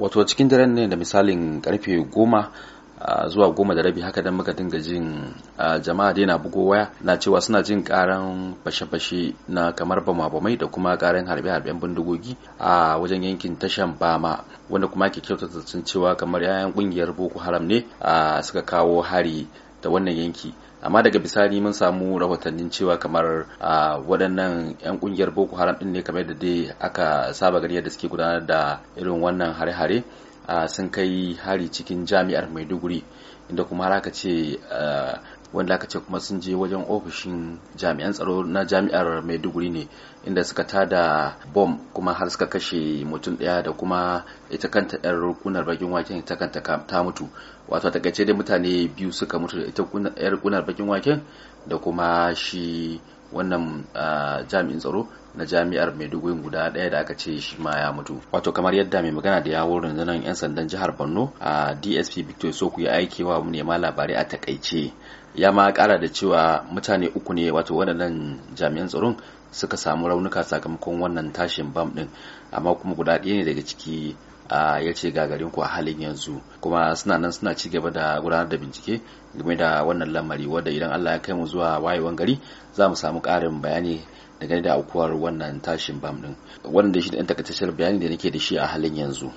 wato cikin daren ne da misalin karfe goma zuwa goma da rabi haka don muka dinga jin jama'a dai na bugo waya na cewa suna jin karan fashe-fashe na kamar bama-bamai da kuma karan harbe-harben bindigogi a wajen yankin tashan bama wanda kuma ke kyautata cewa kamar 'ya'yan kungiyar boko haram ne suka kawo hari da wannan yanki amma daga bisani mun samu rahotannin cewa kamar a waɗannan 'yan ƙungiyar boko haram ɗin ne kamar da dai aka saba gani da suke gudanar da irin wannan hare-hare sun kai hari cikin jami'ar maiduguri inda kuma har aka ce eh, wanda aka ce kuma sun je wajen ofishin jami'an tsaro na jami'ar maiduguri ne inda suka tada bom kuma har suka kashe mutum ɗaya da kuma ita kanta yar rukunar bakin waken ita kanta ta mutu wato a takaice dai mutane biyu suka mutu da ita yar rukunar bakin waken da kuma shi wannan eh, jami'in tsaro na jami'ar maiduguri guda ɗaya da aka ce shi ma ya mutu wato kamar yadda mai magana da yawon rundunar 'yan sandan jihar borno a dsp victor soku ya aikewa wa manema labarai a takaice ya ma kara da cewa mutane uku ne wato waɗannan jami'an tsaron suka samu raunuka sakamakon wannan tashin bam din amma kuma guda ɗaya ne daga ciki a ya ce gagarin ku a halin yanzu kuma suna nan suna ci gaba da gudanar da bincike game da wannan lamari wadda idan Allah ya kai mu zuwa wayewan gari za mu samu ƙarin bayani da gani da aukuwar wannan tashin bam din wannan da shi da ɗan takaitaccen bayani da nake da shi a halin yanzu